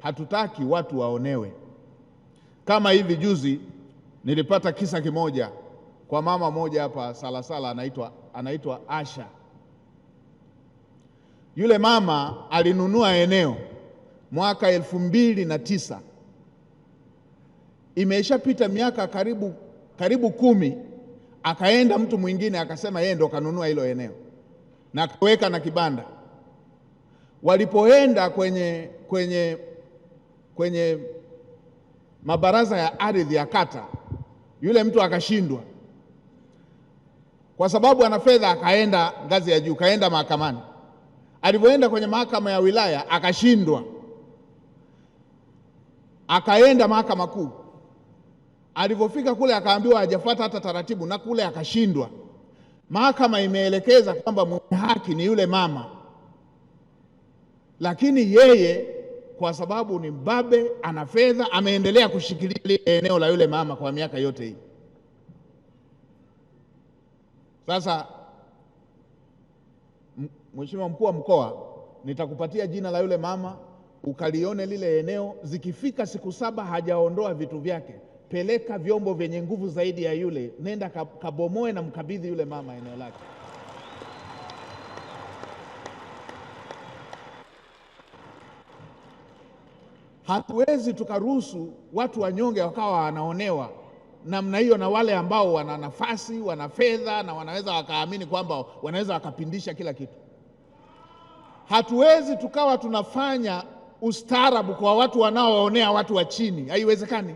hatutaki watu waonewe. Kama hivi juzi nilipata kisa kimoja kwa mama moja hapa Salasala, anaitwa anaitwa Asha. Yule mama alinunua eneo mwaka elfu mbili na tisa, imeshapita miaka karibu karibu kumi. Akaenda mtu mwingine akasema yeye ndo kanunua hilo eneo na kaweka na kibanda. Walipoenda kwenye kwenye kwenye mabaraza ya ardhi ya kata, yule mtu akashindwa kwa sababu ana fedha, akaenda ngazi ya juu, kaenda mahakamani. Alipoenda kwenye mahakama ya wilaya akashindwa, akaenda mahakama kuu. Alipofika kule akaambiwa hajafuata hata taratibu, na kule akashindwa. Mahakama imeelekeza kwamba mwenye haki ni yule mama, lakini yeye kwa sababu ni mbabe, ana fedha, ameendelea kushikilia lile eneo la yule mama kwa miaka yote hii. Sasa Mheshimiwa mkuu wa mkoa, nitakupatia jina la yule mama ukalione lile eneo. Zikifika siku saba hajaondoa vitu vyake, peleka vyombo vyenye nguvu zaidi ya yule, nenda kabomoe na mkabidhi yule mama eneo lake. Hatuwezi tukaruhusu watu wanyonge wakawa wanaonewa namna hiyo na wale ambao wana nafasi, wana fedha na wanaweza wakaamini kwamba wanaweza wakapindisha kila kitu. Hatuwezi tukawa tunafanya ustaarabu kwa watu wanaoonea watu wa chini, haiwezekani.